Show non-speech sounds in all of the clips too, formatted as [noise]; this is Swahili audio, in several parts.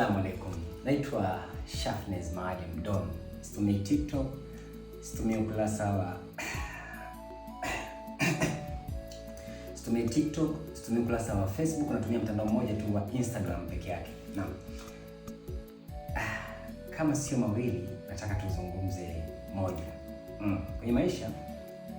Assalamu alaikum, naitwa Shafnes Maalim Don. Situmii TikTok, situmii ukurasa wa [coughs] situmii TikTok, situmii ukurasa wa Facebook, natumia mtandao mmoja tu wa Instagram peke yake. Naam, ah, kama sio mawili, nataka tuzungumze moja. Mm. Kwenye maisha,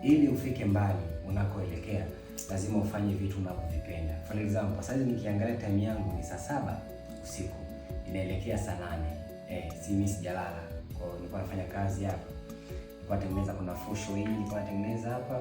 ili ufike mbali unakoelekea lazima ufanye vitu unavyovipenda. For example, sasa nikiangalia time yangu ni saa saba usiku inaelekea saa nane eh, si mimi sijalala. Kwa hiyo nilikuwa nafanya kazi hapa, nilikuwa natengeneza kuna fusho hii nilikuwa natengeneza hapa,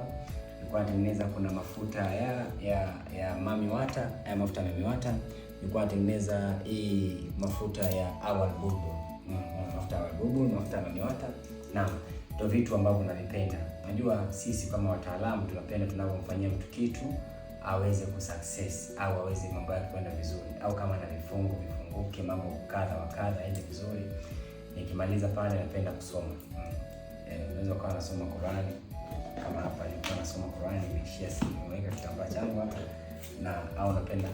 nilikuwa natengeneza kuna mafuta ya ya ya mami wata ya mafuta ya mami wata, nilikuwa natengeneza hii mafuta ya awal bubu mm, mafuta ya awal bulbul, mafuta ya mami wata na ndio vitu ambavyo navipenda. Najua sisi kama wataalamu tunapenda tunapomfanyia mtu kitu aweze kusuccess au aweze mambo yake kwenda vizuri, au kama ana vifungo nikumbuke mambo kadha wa kadha ende vizuri. Nikimaliza pale napenda kusoma. Eh, unaweza ukawa nasoma Qurani kama hapa nilikuwa nasoma Qurani, nimeishia simu, nimeweka kitambaa changu hapa na au napenda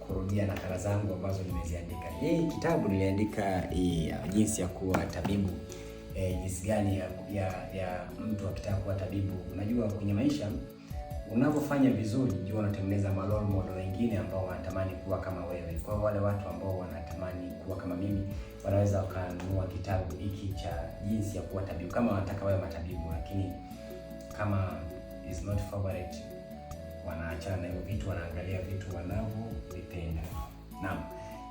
kurudia nakala zangu ambazo nimeziandika. Hii eh, kitabu niliandika eh, jinsi ya kuwa tabibu. E, jinsi gani ya, ya, ya mtu akitaka kuwa tabibu. Unajua kwenye maisha Unavyofanya vizuri, jua unatengeneza role model wengine ambao wanatamani kuwa kama wewe. Kwa wale watu ambao wanatamani kuwa kama mimi, wanaweza wakanunua kitabu hiki cha jinsi ya kuwa tabibu, kama wanataka wawe matabibu, lakini kama is not favorite, wanaachana na hiyo vitu, wanaangalia vitu wanavyovipenda. Naam,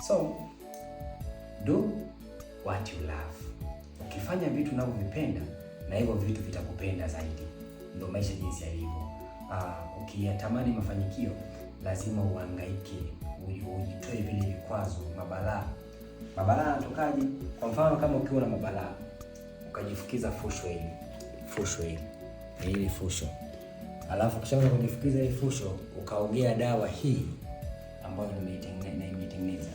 so do what you love. Ukifanya vitu unavyovipenda, na hivyo vitu vitakupenda zaidi. Ndio maisha jinsi yalivyo uh, ukiyatamani mafanikio lazima uhangaike, ujitoe vile vikwazo, mabalaa. Mabalaa yanatokaje? Kwa mfano kama ukiwa na mabalaa ukajifukiza fusho hili fusho hili hili fusho, alafu kisha ukajifukiza hili fusho, ukaongea dawa hii ambayo nimeitengeneza,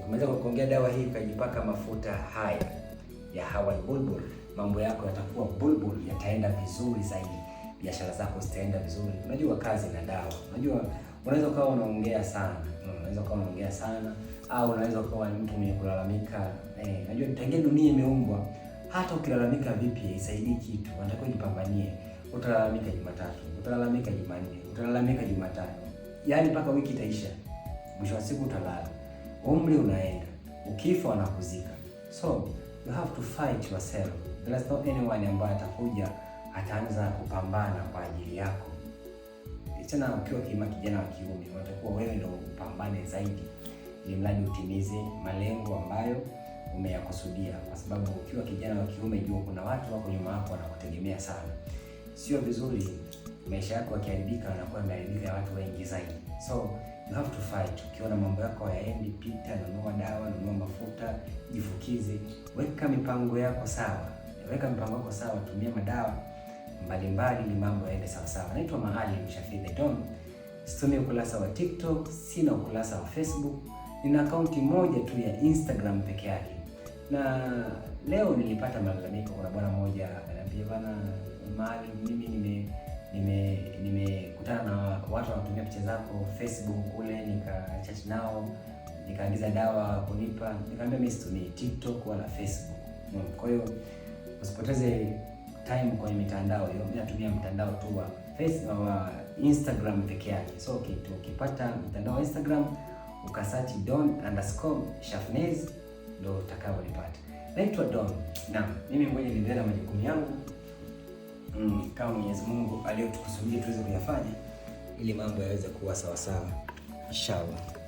ukimaliza kwa kuongea dawa hii ukajipaka mafuta haya ya Hawa Bulbul, mambo yako yatakuwa bulbul, yataenda vizuri zaidi biashara zako zitaenda vizuri. Unajua kazi na dawa, unajua unaweza ukawa unaongea sana, unaweza ukawa unaongea sana, au unaweza ukawa ni mtu mwenye kulalamika. Eh, unajua tangia dunia imeumbwa, hata ukilalamika vipi haisaidii kitu, unatakiwa jipambanie. Utalalamika Jumatatu, utalalamika Jumanne, utalalamika Jumatano, yaani mpaka wiki itaisha. Mwisho wa siku utalala, umri unaenda, ukifa wanakuzika. So you have to fight yourself, there's is no anyone ambaye atakuja ataanza kupambana kwa ajili yako. Tena ukiwa kima kijana wa kiume, unatakiwa wewe ndio upambane zaidi, ili mradi utimize malengo ambayo umeyakusudia, kwa sababu ukiwa kijana wa kiume, jua kuna watu wako nyuma yako wanakutegemea sana. Sio vizuri maisha yako yakiharibika, yanakuwa yameharibika ya watu wengi zaidi. So you have to fight. Ukiona mambo yako hayaendi, pita, nunua dawa, nunua mafuta, jifukize, weka mipango yako sawa, weka mipango yako sawa, tumia madawa mbalimbali ni mambo yaende sawasawa. Naitwa Mahali Mshafii The Don. Situmi ukurasa wa TikTok, sina ukurasa wa Facebook, nina akaunti moja tu ya Instagram peke yake. Na leo nilipata malalamiko, kuna bwana mmoja ananiambia, bwana Mahali, mimi nime nime nimekutana na watu wanatumia picha zako Facebook kule, chat nao nikaagiza dawa kunipa, nikamwambia mimi situmii TikTok wala Facebook. Kwa hiyo usipoteze time kwenye mitandao hiyo. Mimi natumia mtandao tu wa Facebook wa Instagram peke yake. So ukipata okay, mtandao wa Instagram ukasearch don underscore shafnez ndio utakavyopata. Naitwa Don. Na mimi ngoja niendelee na majukumu yangu mm, kama Mwenyezi Mungu aliyotukusudia tuweze kuyafanya ili mambo yaweze kuwa sawasawa, inshallah.